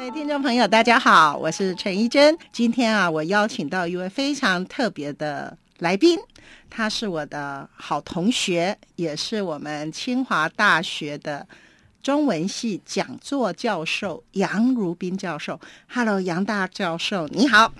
各位聽眾朋友，大家好，我是陳怡蓁。今天啊，我邀請到一位非常特別的來賓，他是我的好同學，也是我們清華大學的中文系講座教授楊儒賓教授。Hello，楊大教授，你好。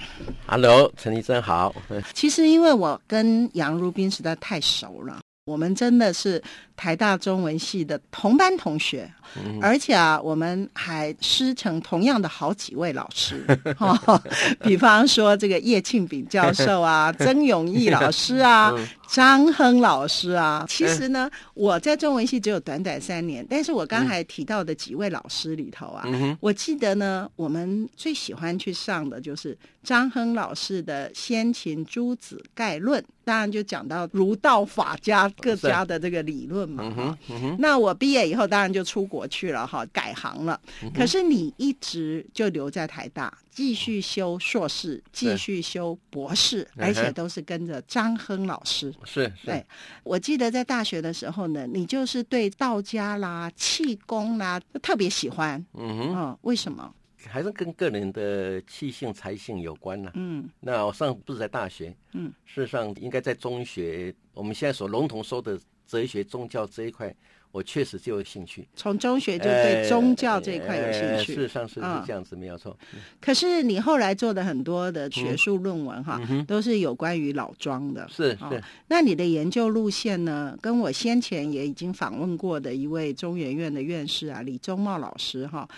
Hello，陳怡蓁，好。其實因為我跟楊儒賓實在太熟了，我們真的是。台大中文系的同班同學，嗯、哼而且啊，我們還師承同樣的好幾位老師，哈、 哦，比方說這個葉慶炳教授啊， 曾永義老師啊，張、 嗯、亨老師啊。其實呢，我在中文系只有短短三年，嗯、但是我剛才提到的幾位老師裡頭啊，嗯、哼我記得呢，我們最喜歡去上的就是張亨老師的《先秦諸子概論》，當然就講到儒道法家各家的這個理論。嗯,嗯哼，嗯哼那我畢業以後當然就出國去了哈，改行了。嗯、哼可是你一直就留在台大，繼續修碩士，繼續修博士，對而且都是跟着張亨老師。嗯、哼對是，對。我記得在大學的時候呢，你就是對道家啦、氣功啦特別喜歡。嗯哼嗯，為什麼？還是跟個人的氣性、才性有關呢、啊？嗯，那我上次不是在大學，嗯，事實上應該在中學，我們現在所籠統說的。哲學、宗教這一塊，我確實就有興趣。從中學就對宗教這一塊有興趣，事實、欸欸欸、上是是這樣子、哦、沒有錯。嗯、可是你後來做的很多的學術論文哈，嗯、都是有關於老莊的。是、嗯哦、是。是那你的研究路線呢？跟我先前也已經訪問過的一位中研院的院士啊，李宗茂老師哈。哦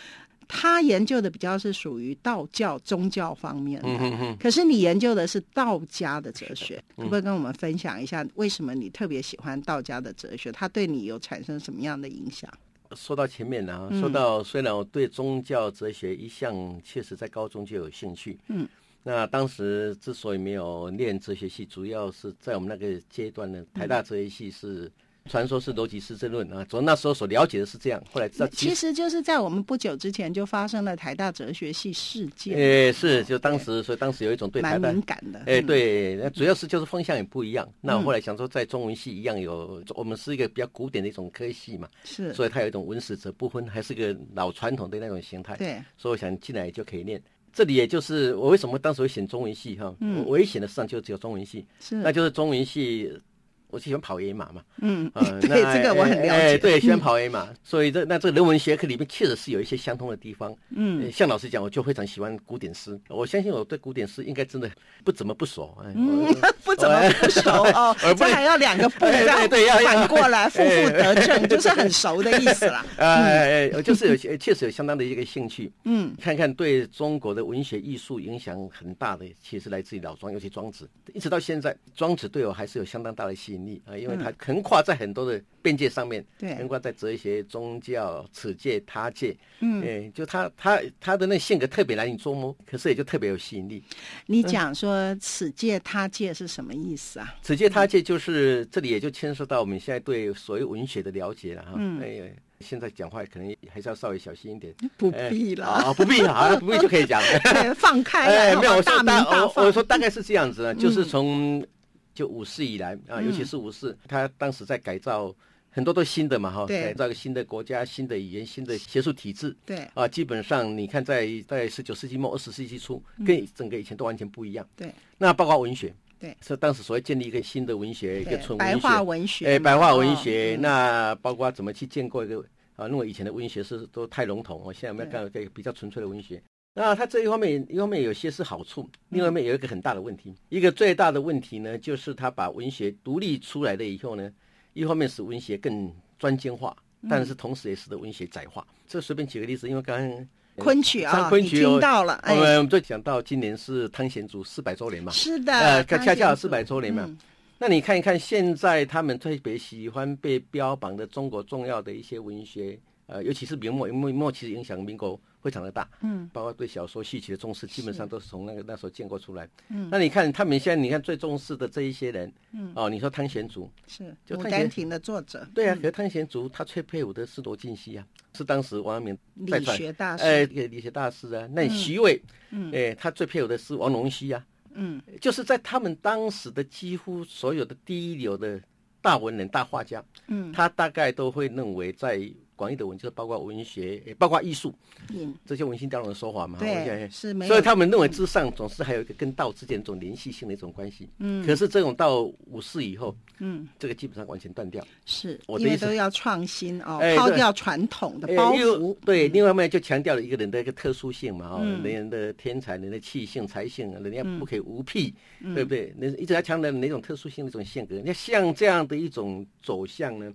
他研究的比較是屬於道教宗教方面的。嗯、哼哼，可是你研究的是道家的哲學，你、嗯、可不可以跟我們分享一下為什麼你特別喜歡道家的哲學？它對你有產生什麼樣的影響？說到前面呢、啊，嗯、說到雖然我對宗教哲學一向確實，在高中就有興趣，嗯，那當時之所以沒有念哲學系，主要是在我們那個階段呢，台大哲學系是傳說是邏輯實證論啊，主要那時候所了解的是這樣。後來知道，其實就是在我們不久之前就發生了台大哲學系事件。哎、欸、是，就當時對所以當時有一種對台大滿敏感的。誒、欸，對，那、嗯、主要是就是風向也不一樣。嗯、那我後來想說，在中文系一樣有，我們是一個比較古典的一種科系嘛，是，所以它有一種文史哲不分，還是個老傳統的那種形態。對，所以我想進來就可以念。這裡也就是我為什麼當時會選中文系哈、啊，嗯，我一選的事上就只有中文系，是，那就是中文系。我喜歡跑 A 馬嘛，嗯，對這個我很了解，對，喜歡跑 A 馬。所以這，那這個人文學科裡面確實是有一些相通的地方。嗯，像老師講，我就非常喜歡古典詩，我相信我對古典詩應該真的不怎麼不熟，嗯，不怎麼不熟哦，這還要兩個，對，要反過來，負負得正，就是很熟的意思啦。哎，我就是有些確實有相當的一個興趣，嗯，看看對中國的文學藝術影響很大的，其實來自於老莊，尤其莊子，一直到現在，莊子對我還是有相當大的吸引。啊，因為他橫跨在很多的邊界上面，對，橫跨在哲學、宗教、此界、他界，嗯，哎，就他他他的那性格特別難以捉摸，可是也就特別有吸引力。你講說此界他界是什麼意思啊？此界他界就是這裡，也就牽涉到我們現在對所謂文學的了解了哈。哎呀，現在講話可能還是要稍微小心一點，不必了，不必啊，不必就可以講，放開，沒有，我說大，我說大概是這樣子，就是從。就五四以來啊，尤其是五四，他當時在改造，很多都新的嘛哈，改造一個新的國家、新的語言、新的學術體制。對啊，基本上你看，在在十九世紀末、二十世紀初，跟整個以前都完全不一樣。對，那包括文學，對，是當時所謂建立一個新的文學，一個純文學，白話文學，哎，白話文學。那包括怎麼去建構一個啊？因為以前的文學是都太籠統，我現在我們要幹一個比較純粹的文學。那他這一方面，一方面有些是好處，另外面有一個很大的問題，嗯、一個最大的問題呢，就是他把文學獨立出來了以後呢，一方面使文學更專精化，嗯、但是同時也使得文學窄化。這隨便舉個例子，因為剛剛昆曲取啊，嗯、昆已聽到了昆曲已經到了，欸、我們就講到今年是湯顯祖四百周年嘛，是的，呃，恰恰四百周年嘛。嗯、那你看一看，現在他們特別喜歡被標榜的中國重要的一些文學。呃，尤其是明末，明末其實影響民國非常的大，嗯，包括對小說戲曲的重視，基本上都是從那個那時候建構出來。嗯，那你看他們現在，你看最重視的這一些人，嗯，哦，你說湯顯祖是《牡丹亭》的作者，對啊，和湯顯祖他最佩服的是羅近溪啊，是當時王陽明理學大師，哎，理學大師啊。那徐渭嗯，哎，他最佩服的是王龍溪啊，嗯，就是在他們當時的幾乎所有的第一流的大文人、大畫家，嗯，他大概都會認為在。廣義的文就是包括文學，包括藝術，嗯，這些文心雕龍的說法嘛，對，是，所以他們認為之上總是還有一個跟道之間一種聯繫性的一種關係，嗯，可是這種道五四以後，嗯，這個基本上完全斷掉，是，我覺得都要創新哦，拋掉傳統的包袱，對，另外一面就強調了一個人的一個特殊性嘛，哦，人人的天才，人的氣性、才性，人家不可以無癖，對不對？那一直要強調哪種特殊性的一種性格，那像這樣的一種走向呢？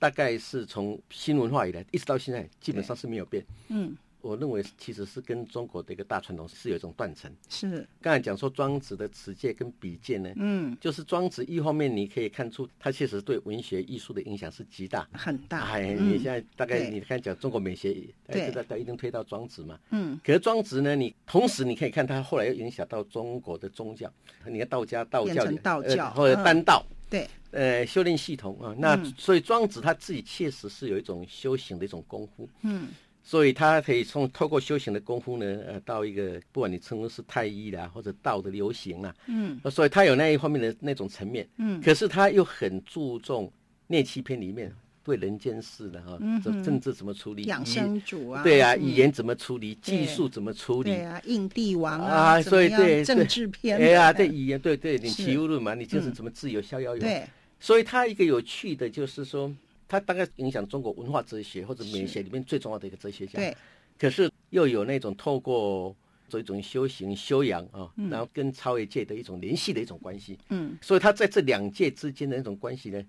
大概是從新文化以來一直到現在，基本上是沒有變。嗯，我認為其實是跟中國的一個大傳統是有一種斷層。是剛才講說莊子的此界跟彼界呢，嗯，就是莊子一方面你可以看出，他確實對文學藝術的影響是極大，很大。嗯、哎，你現在大概你看講中國美學，大家對、哎、一定推到莊子嘛。嗯，可是莊子呢，你同時你可以看他後來又影響到中國的宗教，你看道家、道教，道教呃、或者丹道。嗯對，呃，修煉系統啊，那、嗯、所以莊子他自己確實是有一種修行的一種功夫，嗯，所以他可以從透過修行的功夫呢，呃，到一個不管你稱呼是太醫啦，或者道德流行啦，嗯，所以他有那一方面的那種層面，嗯，可是他又很注重《練氣》篇裡面。對人間世的哈，這政治怎麼處理？養生主啊，對啊，語言怎麼處理？技術怎麼處理？對呀，應帝王啊，所以對政治篇，哎呀，對語言對對，你齊物論嘛，你就是怎麼自由逍遙遊。對，所以他一個有趣的，就是說他大概影響中國文化哲學或者美學裡面最重要的一個哲學家。對，可是又有那種透過這一種修行修養啊，然後跟超越界的一種聯繫的一種關係。嗯，所以他在這兩界之間的那種關係呢？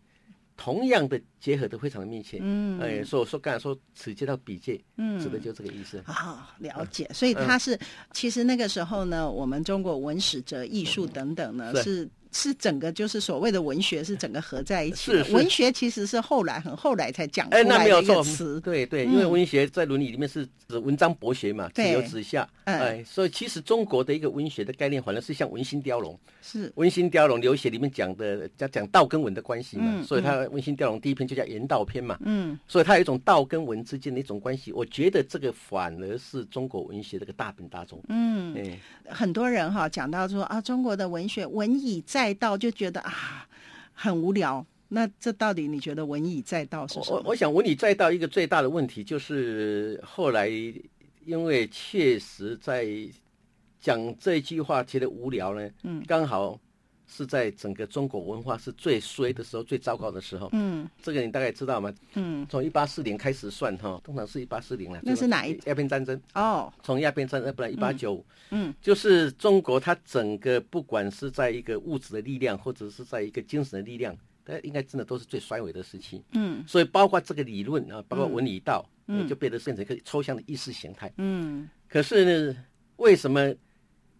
同樣的結合的非常的密切，嗯，哎、呃，說說剛才說此界到彼界，嗯，指的就這個意思啊、哦，了解。所以他是、嗯、其實那個時候呢，嗯、我們中國文史哲藝術等等呢、嗯、是。是整個就是所謂的文學是整個合在一起。是，是，文學其實是後來很後來才講出來的、哎、那沒有錯詞，對對，嗯、因為文學在倫理裡面是指文章博學嘛，子游子夏。嗯、哎，所以其實中國的一個文學的概念反而是像《文心雕龍》。是《文心雕龍》劉勰裡面講的，講講道跟文的關係嘛，嗯、所以他《文心雕龍》第一篇就叫《言道篇》嘛。嗯，所以他有一種道跟文之間的一種關係。我覺得這個反而是中國文學這個大本大宗。嗯，哎，很多人哈、哦、講到說啊，中國的文學文以載。載道就覺得啊，很無聊。那這到底你覺得文以載道是什麼？我我想文以載道一個最大的問題就是後來因為確實在講這句話覺得無聊呢。嗯，剛好。是在整個中國文化是最衰的時候，最糟糕的時候。嗯，這個你大概知道嗎？嗯，從一八四零開始算哈，嗯、通常是一八四零啊。那是哪一鴉片戰爭？哦，從鴉片戰爭，不然一八九五。嗯，就是中國，它整個不管是在一個物質的力量，或者是在一個精神的力量，它應該真的都是最衰微的時期。嗯，所以包括這個理論啊，包括文理道，嗯，就變得變成一個抽象的意識形態。嗯，可是呢，為什麼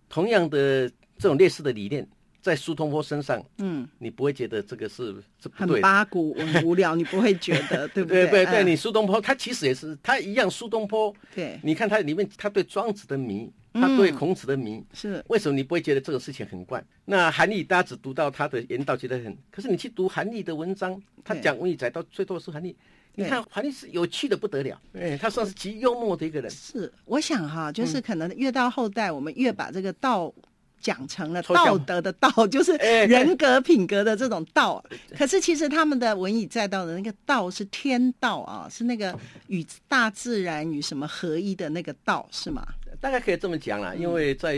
同樣的這種類似的理念？在蘇東坡身上，嗯，你不會覺得這個是不對。很八股，很無聊，你不會覺得對不對？對對，你蘇東坡他其實也是，他一樣蘇東坡。對，你看他裡面，他對莊子的迷，他對孔子的迷，是為什麼你不會覺得這個事情很怪？那韓愈大家只讀到他的言道覺得很，可是你去讀韓愈的文章，他講文以載道，最多是韓愈。你看韓愈是有趣的不得了，對，他算是極幽默的一個人。是，我想哈，就是可能越到後代，我們越把這個道。講成了道德的道，就是人格品格的這種道。可是其實他們的文以載道的那個道是天道啊，是那個與大自然與什麼合一的那個道，是嗎？大概可以這麼講啦，因為在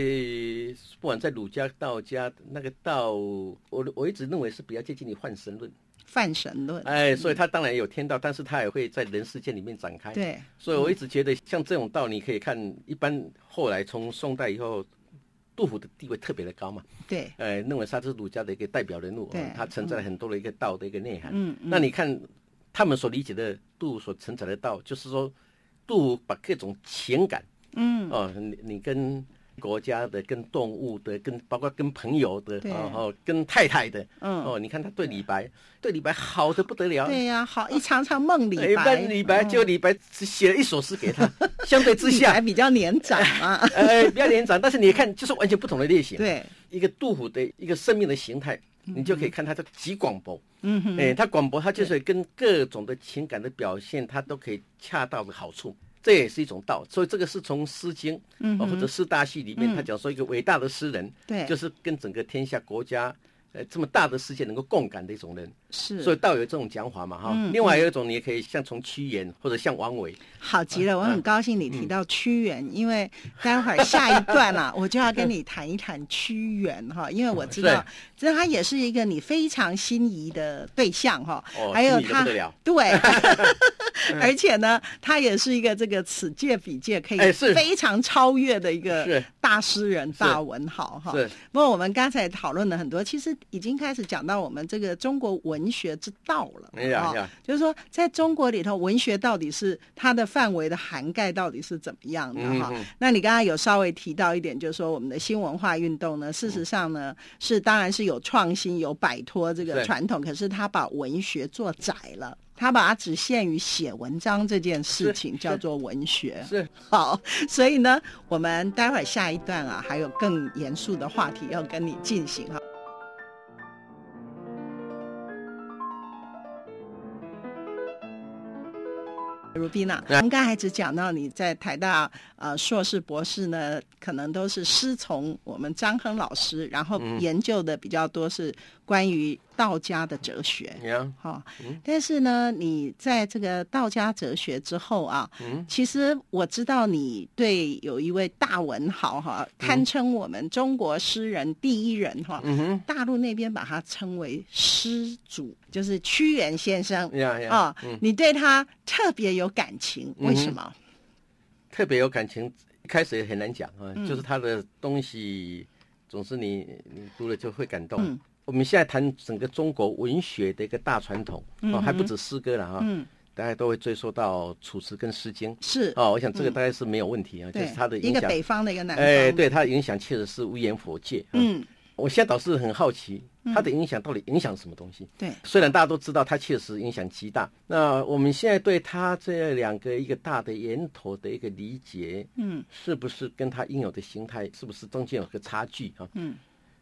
不管在儒家道家那個道，我我一直認為是比較接近於泛神論。泛神論。哎，所以他當然有天道，但是他也會在人世間裡面展開。對。所以我一直覺得像這種道，你可以看一般後來從宋代以後，杜甫的地位特別的高嘛？對，呃，認為他是儒家的一個代表人物，他對、呃、承載了很多的一個道的一個內涵嗯。嗯，嗯，那你看他們所理解的杜甫所承載的道，就是說，杜甫把各種情感，嗯，哦、呃，你你跟。國家的，跟動物的，跟包括跟朋友的，然後跟太太的，哦，你看他對李白，對李白好得不得了。對呀，好一場場夢李白。李白就李白只寫了一首詩給他，相對之下還比較年長嘛。哎，比較年長，但是你看就是完全不同的類型。對，一個杜甫的一個生命的形態，你就可以看他的極廣博。嗯哼，哎，他廣博，他就是跟各種的情感的表現，他都可以恰到好處。這也是一種道，所以這個是從《詩經》或者《詩大序》裡面，嗯、哼他講說一個偉大的詩人，嗯、就是跟整個天下國家呃這麼大的世界能夠共感的一種人。是，所以倒有這種講法嘛，哈。另外有一種，你也可以像從屈原，或者像王維。好極了，我很高興你提到屈原，因為待會下一段啊，我就要跟你談一談屈原哈，因為我知道，其實他也是一個你非常心儀的對象哈。哦，還有他，對，而且呢，他也是一個這個此界彼界可以非常超越的一個大詩人、大文豪哈。對。不過我們剛才討論了很多，其實已經開始講到我們這個中國文。文學之道了，啊，yeah, yeah. 就是說，在中國裡頭，文學到底是它的範圍的涵蓋到底是怎麼樣的哈？Mm hmm. 那你剛才有稍微提到一點，就是說，我們的新文化運動呢，事實上呢，mm hmm. 是當然是有創新，有擺脫這個傳統，是可是他把文學做窄了，他把它只限於寫文章這件事情是叫做文學。是，是好，所以呢，我們待會兒下一段啊，還有更嚴肅的話題要跟你進行儒賓哪，剛剛還只講到你在台大，呃，碩士、博士呢，可能都是師從我們張亨老師，然後研究的比較多是關於。道家的哲學，但是呢，你在這個道家哲學之後啊，其實我知道你對有一位大文豪哈，堪稱我們中國詩人第一人哈。嗯哼，大陸那邊把他稱為詩祖，就是屈原先生。你對他特別有感情，為什麼？特別有感情，一開始也很難講啊，就是他的東西總是你你讀了就會感動。我們現在談整個中國文學的一個大傳統，嗯、哼哦，還不止詩歌了哈，啊嗯、大家都會追溯到《楚辭》跟《詩經》是。是哦，我想這個大概是沒有問題、嗯、啊，就是它的影響。對一個北方的一個南方。哎，對，它的影響確實是無遠弗屆、啊、嗯，我現在倒是很好奇，它的影響到底影響什麼東西？對、嗯，雖然大家都知道它確實影響極大，那我們現在對它這兩個一個大的源頭的一個理解，嗯，是不是跟它應有的形態是不是中間有個差距啊？嗯。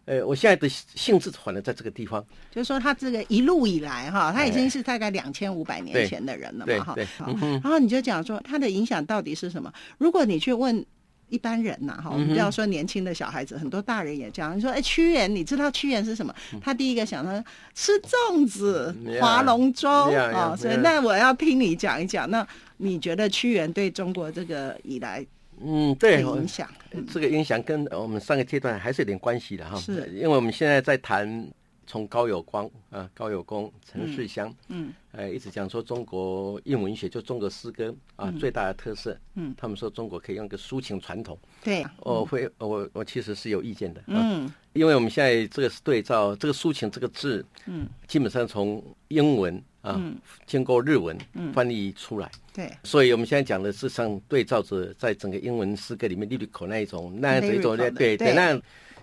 呃，我現在的性質可能在這個地方，就是說他這個一路以來哈，他已經是大概兩千五百年前的人了嘛哈。哎對對嗯、然後你就講說他的影響到底是什麼？如果你去問一般人吶、啊、哈，我們不要說年輕的小孩子，嗯、哼很多大人也這樣，你說哎，屈原，你知道屈原是什麼？他第一個想到吃粽子、划、嗯、龍舟、嗯嗯嗯嗯嗯、啊，所以、嗯嗯、那我要聽你講一講。那你覺得屈原對中國這個以來？嗯，對，影響、嗯、這個影響跟我們上個階段還是有點關係的哈。是，因為我們現在在談從高友工啊，高友工，陳世驤嗯，嗯，哎、呃，一直講說中國韻文學就中國詩歌啊、嗯、最大的特色，嗯，他們說中國可以用一個抒情傳統，對、嗯哦哦，我會，我我其實是有意見的，啊、嗯，因為我們現在這個是對照這個抒情這個字，嗯，基本上從英文。啊，經過日文翻譯出來，嗯、對，所以我們現在講的是像對照着在整個英文詩歌裡面律呂口那一種那樣一種對對，那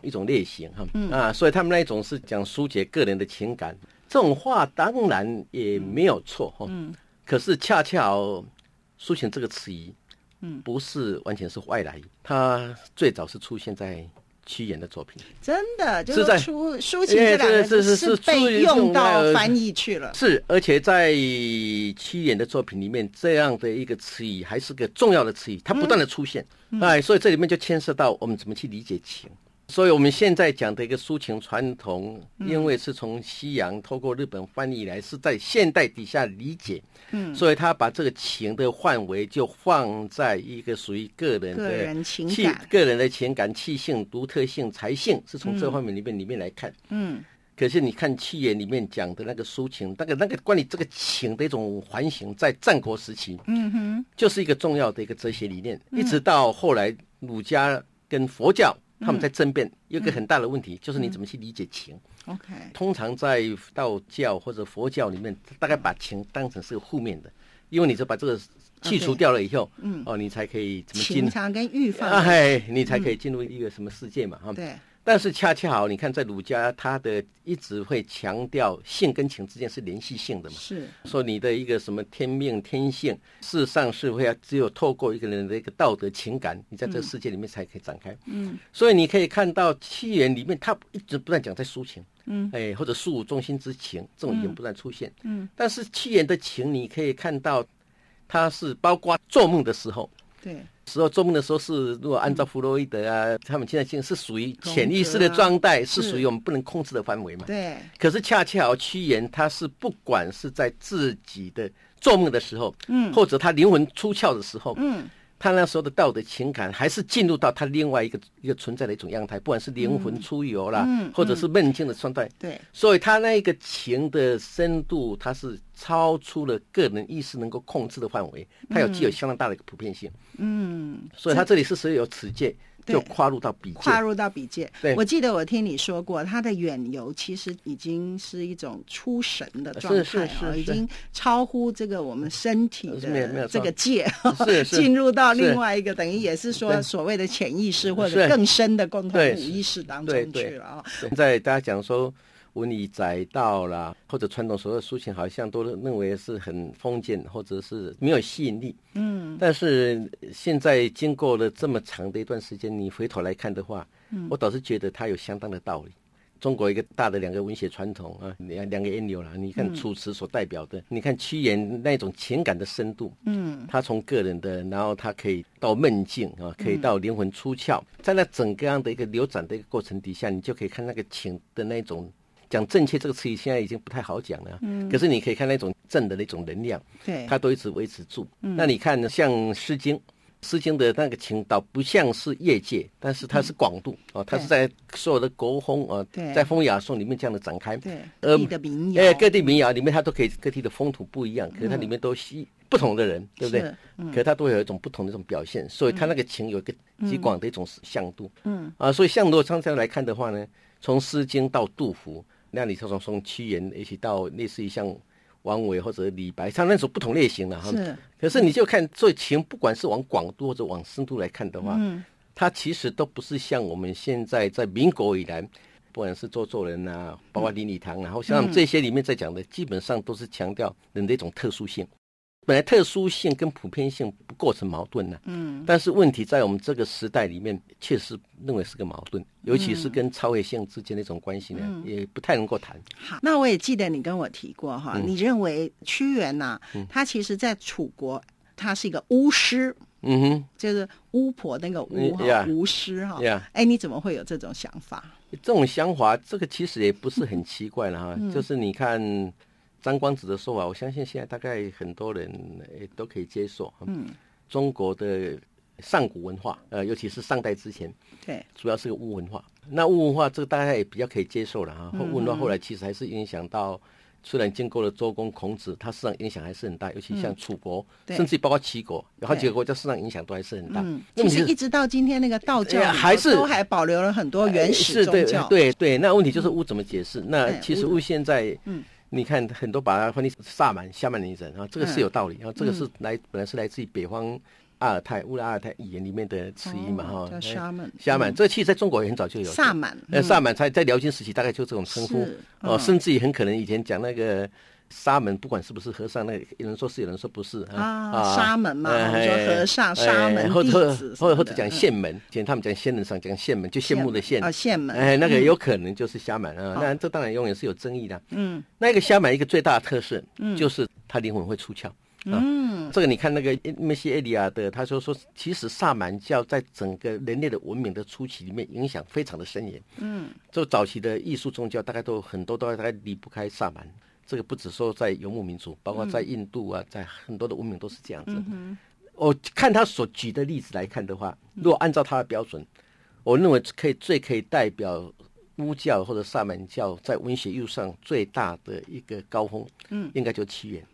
一種類型哈啊、嗯、啊，所以他們那一種是講抒解個人的情感，這種話當然也沒有錯哈，可是恰恰“抒情”這個詞，嗯，不是完全是外來，它最早是出現在。屈原的作品，真的就是，是在抒情這兩個字是被用到翻譯去了。是，而且在屈原的作品裡面，這樣的一個詞語還是個重要的詞語，它不斷的出現。嗯嗯、哎，所以這裡面就牽涉到我們怎麼去理解情。所以，我們現在講的一個抒情傳統，嗯、因為是從西洋透過日本翻譯來，是在現代底下理解。嗯，所以他把這個情的範圍就放在一個屬於個人的個人情感、個人的情感、氣性、獨特性、才性，是從這方面裡面、嗯、裡面來看。嗯，可是你看屈原裡面講的那個抒情，那個那個關於這個情的一種環形，在戰國時期，嗯哼，就是一個重要的一個哲學理念，嗯、一直到後來儒家跟佛教，他們在爭辯、嗯、有一個很大的問題，嗯、就是你怎麼去理解情？OK，通常在道教或者佛教裡面，大概把情當成是個負面的，因為你是把這個去除掉了以後，okay, 嗯，哦，你才可以怎麼進？情長跟欲放，哎，你才可以進入一個什麼世界嘛？嗯、哈，對。但是恰恰好，你看，在儒家，他的一直會強調性跟情之間是聯繫性的嘛？是。說你的一個什麼天命天性事實上是會要只有透過一個人的一個道德情感，你在這個世界裡面才可以展開。嗯。嗯，所以你可以看到屈原裡面，他一直不斷講在抒情，嗯，哎，或者述中心之情，這種已經不斷出現。嗯。嗯，但是屈原的情，你可以看到，他是包括做夢的時候。對。時候做夢的時候是，如果按照弗洛伊德啊，嗯、他們現在講是屬於潛意識的狀態，嗯、是屬於我們不能控制的範圍嘛、嗯。對。可是恰恰好屈原，他是不管是在自己的做夢的時候，嗯，或者他靈魂出竅的時候，嗯。嗯他那時候的道德情感，還是進入到他另外一個一個存在的一種樣態，不管是靈魂出遊啦，嗯嗯嗯、或者是夢境的狀態。對，所以他那一個情的深度，他是超出了個人意識能夠控制的範圍，他有具有相當大的一個普遍性。嗯，嗯，所以他這裡是所有此界，就跨入到彼界，跨入到彼界。對我記得我聽你說過，他的遠遊其實已經是一種出神的狀態了，是是是是已經超乎這個我們身體的這個界，進入到另外一個，是是是，等於也是說所謂的潛意識，是是或者更深的共同意識當中去了啊。現在大家講說。文以載道啦，或者傳統所有抒情，好像都認為是很封建，或者是沒有吸引力。嗯，但是現在經過了這麼長的一段時間，你回頭來看的話，嗯，我倒是覺得它有相當的道理。嗯、中國一個大的兩個文學傳統啊，兩兩個源流啦。你看《楚辭》所代表的，嗯、你看屈原那種情感的深度，嗯，他從個人的，然後他可以到夢境啊，可以到靈魂出竅，嗯、在那整個樣的一個流轉的一個過程底下，你就可以看那個情的那種。講正確這個詞語現在已經不太好講了，嗯，可是你可以看那種正的那種能量，對，它都一直維持住。那你看，像《詩經》，《詩經》的那個情，倒不像是業界，但是它是廣度啊，它是在所有的國風啊，在風雅頌裡面這樣的展開，對，呃，各地民謠裡面，它都可以各地的風土不一樣，可是它裡面都吸不同的人，對不對？可是它都有一種不同的一種表現，所以它那個情有一個極廣的一種向度，嗯啊，所以像如果這樣來看的話呢，從《詩經》到杜甫。那你從從屈原一起到類似於像王維或者李白，像那種不同類型了哈。是。可是你就看最前，不管是往廣度或者往深度來看的話，嗯，它其實都不是像我們現在在民國以來，不管是做做人啊，包括林語堂，然後像這些裡面在講的，嗯，基本上都是強調人的一種特殊性。本來特殊性跟普遍性不構成矛盾呢、啊，嗯，但是問題在我們這個時代裡面，確實認為是個矛盾，尤其是跟超越性之間的一種關係呢，嗯、也不太能夠談。好，那我也記得你跟我提過哈，嗯、你認為屈原吶、啊，他、嗯、其實在楚國他是一個巫師，嗯哼，就是巫婆那個巫巫、嗯 yeah, 師哈，哎，yeah, 欸、你怎麼會有這種想法？這種想法，這個其實也不是很奇怪了哈，嗯、就是你看。張光子的說法，我相信現在大概很多人也都可以接受。嗯，中國的上古文化，呃，尤其是上代之前，對，主要是個巫文化。那巫文化這個大概也比較可以接受了哈。巫、嗯、文化後來其實還是影響到，雖然經過了周公、孔子，它事實上影響還是很大。尤其像楚國，嗯、甚至包括齊國，對有好幾個國家事實上影響都還是很大。嗯、其實一直到今天那個道教，還是都還保留了很多原始宗教。對對對，那問題就是巫怎麼解釋？嗯、那其實巫現在，嗯。你看，很多把它翻譯成薩滿、夏滿的人啊，這個是有道理啊。這個是來本來是來自於北方阿爾泰、烏拉爾泰語言裡面的詞義嘛哈？叫沙滿，沙滿這個其實在中國也很早就有薩滿，呃，薩滿在在遼金時期大概就這種稱呼哦，甚至於很可能以前講那個。沙門不管是不是和尚，那有人說是，有人說不是啊。沙門嘛，說和尚、沙門、弟子、或者，或者講羨門，他們講仙人上講羨門，就羨慕的羨啊，羨門哎，那個有可能就是薩滿啊。那這當然永遠是有爭議的。嗯，那個薩滿一個最大的特色，嗯，就是他靈魂會出竅。嗯，這個你看那個梅西埃利亞德，他說說，其實薩滿教在整個人類的文明的初期裡面影響非常的深遠。嗯，就早期的藝術宗教，大概都很多都還離不開薩滿。這個不只說在游牧民族，包括在印度啊，嗯、在很多的文明都是這樣子。嗯、哼我看他所舉的例子來看的話，如果按照他的標準，嗯、我認為可以最可以代表巫教或者薩滿教在文學路上最大的一個高峰，嗯、應該就是屈原、嗯、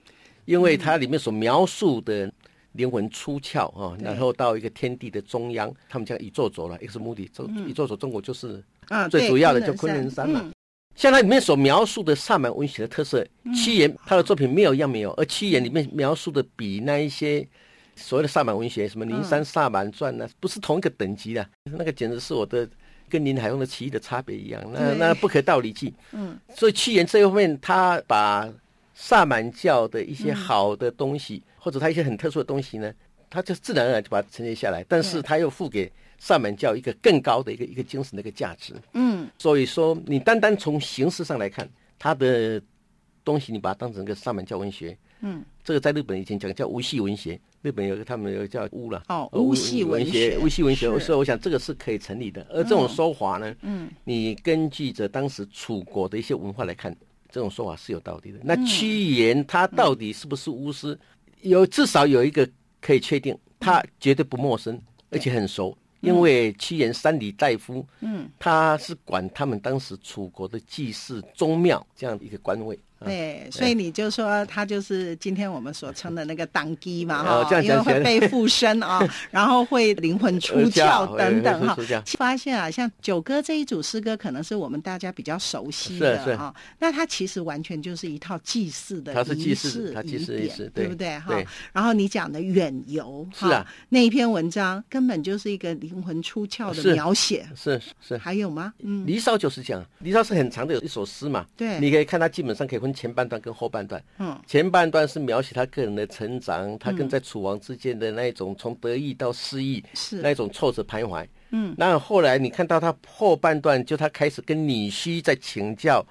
因為它裡面所描述的靈魂出竅啊，嗯、然後到一個天地的中央，他們叫宇宙軸了，axis mundi，宇宙軸中國就是最主要的就是昆崙山嘛。嗯啊像他裡面所描述的薩滿文學的特色，屈原他的作品沒有一樣沒有，而屈原裡面描述的比那一些所謂的薩滿文學，什麼《靈山薩滿傳》呢，不是同一個等級的、啊，那個簡直是我的跟林海峰的棋藝的差別一樣，那那不可道理計。嗯，所以屈原這一方面，他把薩滿教的一些好的東西，或者他一些很特殊的東西呢，他就自然而然就把它承接下來，但是他又付給。薩滿教一個更高的一個一個精神的一個價值，嗯，所以說你單單從形式上來看，它的東西你把它當成一個薩滿教文學，嗯，這個在日本以前講叫巫覡文學，日本有一個他們有一個叫巫了，哦，巫覡巫文學，巫覡文，是文學，所以我想這個是可以成立的。而這種說法呢，嗯，嗯你根據着當時楚國的一些文化來看，這種說法是有道理的。那屈原他到底是不是巫師？有至少有一個可以確定，他絕對不陌生，嗯、而且很熟。因為屈原三閭大夫，嗯，他是管他們當時楚國的祭祀宗廟這樣的一個官位。對，所以你就說他就是今天我們所稱的那個當機嘛，哈，因為會被附身啊，然後會靈魂出竅等等，哈。發現啊，像九歌這一組詩歌，可能是我們大家比較熟悉的，哈。那他其實完全就是一套祭祀的儀式，它祭祀儀式，對不對，哈？然後你講的遠遊，是啊，那一篇文章根本就是一個靈魂出竅的描寫，是是。還有嗎？嗯，離騷就是講，離騷是很長的，有一首詩嘛，對，你可以看它，基本上可以。前半段跟後半段，嗯，前半段是描寫他個人的成長，嗯、他跟在楚王之間的那一種從得意到失意，是那一種挫折徘徊，嗯，那後來你看到他後半段，就他開始跟女嬃在請教，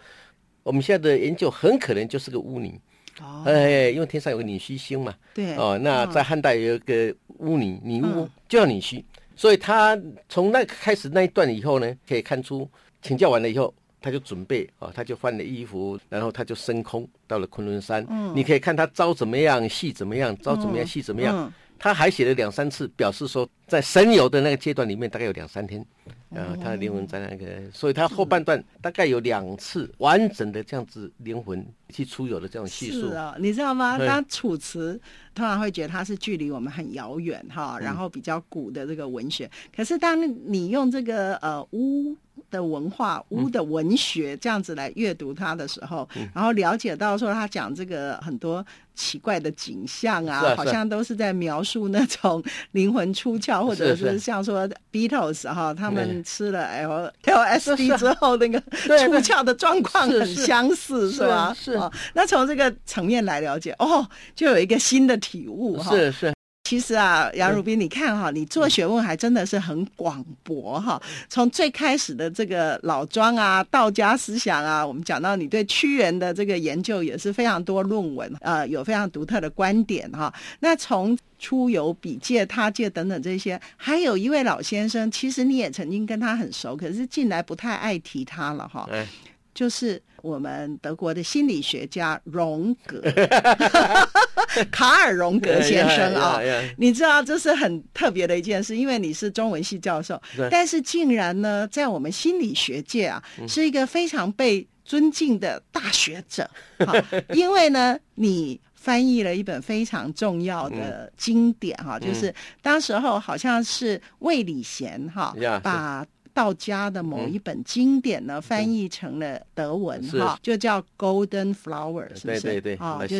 我們現在的研究很可能就是個巫女，哦，哎，因為天上有個女嬃星嘛，對，哦，那在漢代有一個巫女女巫就叫、嗯、女嬃，所以他從那開始那一段以後呢，可以看出請教完了以後。他就準備啊、哦，他就換了衣服，然後他就升空到了昆崙山。嗯，你可以看他朝怎麼樣夕怎麼樣，朝怎麼樣夕怎麼樣。他還寫了兩三次，表示說在神遊的那個階段裡面，大概有兩三天。嗯、然後他的靈魂在那個，嗯、所以他後半段大概有兩次完整的這樣子靈魂去出遊的這種敘述。是啊、哦，你知道嗎？他嘿楚辭通常會覺得他是距離我們很遙遠哈，然後比較古的這個文學。嗯、可是當你用這個呃巫。污的文化屋的文學這樣子來閱讀他的時候，然後了解到說他講這個很多奇怪的景象啊，好像都是在描述那種靈魂出竅，或者是像說 Beatles 哈，他們吃了 LSD 之後那個出竅的狀況很相似，是吧？是。哦，那從這個層面來了解，哦，就有一個新的體悟，哈，是是。其實啊，楊儒賓你看哈，你做學問還真的是很廣博哈。從最開始的這個老莊啊、道家思想啊，我們講到你對屈原的這個研究也是非常多論文，呃，有非常獨特的觀點哈。那從出遊、比借、他借等等這些，還有一位老先生，其實你也曾經跟他很熟，可是近來不太愛提他了哈。哎、就是我們德國的心理學家榮格。 卡爾榮格先生啊，yeah, yeah, yeah, yeah, yeah. 你知道這是很特別的一件事，因為你是中文系教授，對但是竟然呢，在我們心理學界啊，是一個非常被尊敬的大學者，嗯、因為呢，你翻譯了一本非常重要的經典哈， 就是當時候好像是魏禮賢哈把，道家的某一本經典呢，翻譯成了德文，哈，就叫《Golden Flower》，是不是？對對對，啊，就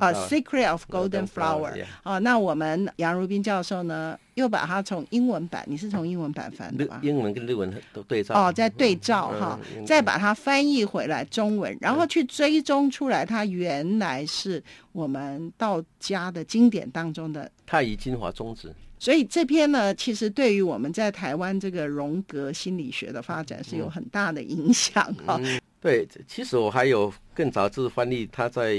啊《Secret of Golden Flower》啊。那我們楊儒賓教授呢，又把它從英文版，你是從英文版翻的嗎？英文跟日文都對照。哦，再對照哈，再把它翻譯回來中文，然後去追蹤出來，它原來是我們道家的經典當中的《太乙精華宗旨》。所以這篇呢，其實對於我們在台灣這個榮格心理學的發展是有很大的影響、嗯哦嗯、對，其實我還有更早就是翻譯他在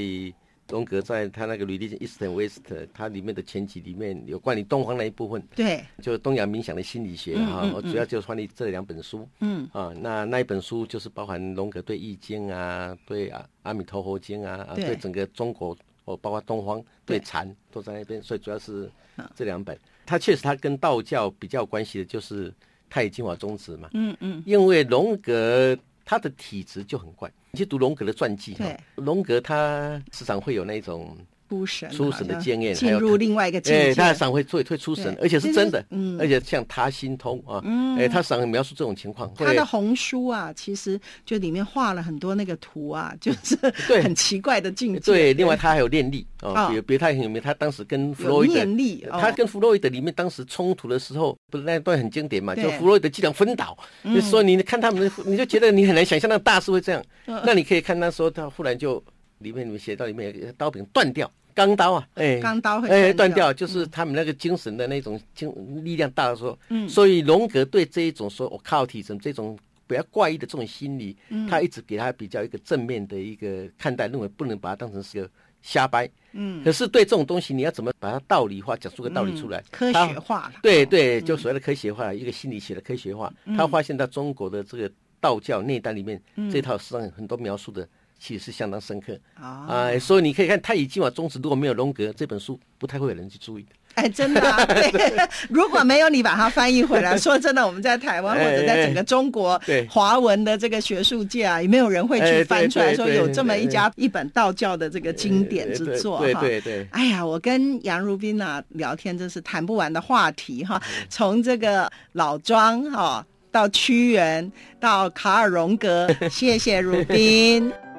榮格在他那個、e《Religion：East and West》，它裡面的前集裡面有關於東方那一部分。對，就東洋冥想的心理學、嗯、啊。我、嗯、主要就是翻譯這兩本書。嗯。啊，那那一本書就是包含榮格對《易經》啊，對阿阿彌陀佛經啊，對啊，對整個中國哦，包括東方對禪對都在那邊，所以主要是這兩本。他確實，他跟道教比較有關係的，就是太乙金華宗旨嘛。嗯嗯，嗯因為榮格他的體質就很怪，你去讀榮格的傳記哈、哦、榮對格他時常會有那種。出神，出神的經驗，進入另外一個境界。他他嗓會最會出神，而且是真的。嗯，而且像他心通啊，嗯，哎，他常會描述這種情況。他的紅書啊，其實就裡面畫了很多那個圖啊，就是很奇怪的境界。對，另外他還有念力哦，別別太有名。他當時跟弗洛伊德，他跟弗洛伊德裡面當時衝突的時候，不是那段很經典嘛？就弗洛伊德技能昏倒，就說你看他們，你就覺得你很難想象那個大師會這樣。那你可以看那時候他忽然就裡面你們寫到裡面有個刀柄斷掉。鋼刀啊，哎、欸，鋼刀會哎斷掉、欸、掉，就是他們那個精神的那種精、嗯、力量大的時候。嗯，所以榮格對這一種說“我靠，體神”這種比較怪異的這種心理，嗯、他一直給他比較一個正面的一個看待，認為不能把它當成是個瞎掰。嗯，可是對這種東西，你要怎麼把它道理化，講出個道理出來，嗯、科學化他、哦、對，對對，就所謂的科學化，嗯、一個心理學的科學化。他發現到中國的這個道教內丹裡面，嗯、這套實際上有很多描述的。其實相當深刻啊，哎、哦呃，所以你可以看《太乙金華宗旨》，如果沒有榮格這本書，不太會有人去注意哎，真的、啊，對 對如果沒有你把它翻譯回來， 說真的，我們在台灣、哎哎、或者在整個中國對華文的這個學術界啊，也沒有人會去翻出來、哎、說有這麼一家一本道教的這個經典之作。對對、哎、對。對對對對哎呀，我跟楊儒賓啊聊天，真是談不完的話題哈、啊。從這個老莊哈、啊，到屈原，到卡爾榮格，謝謝儒賓。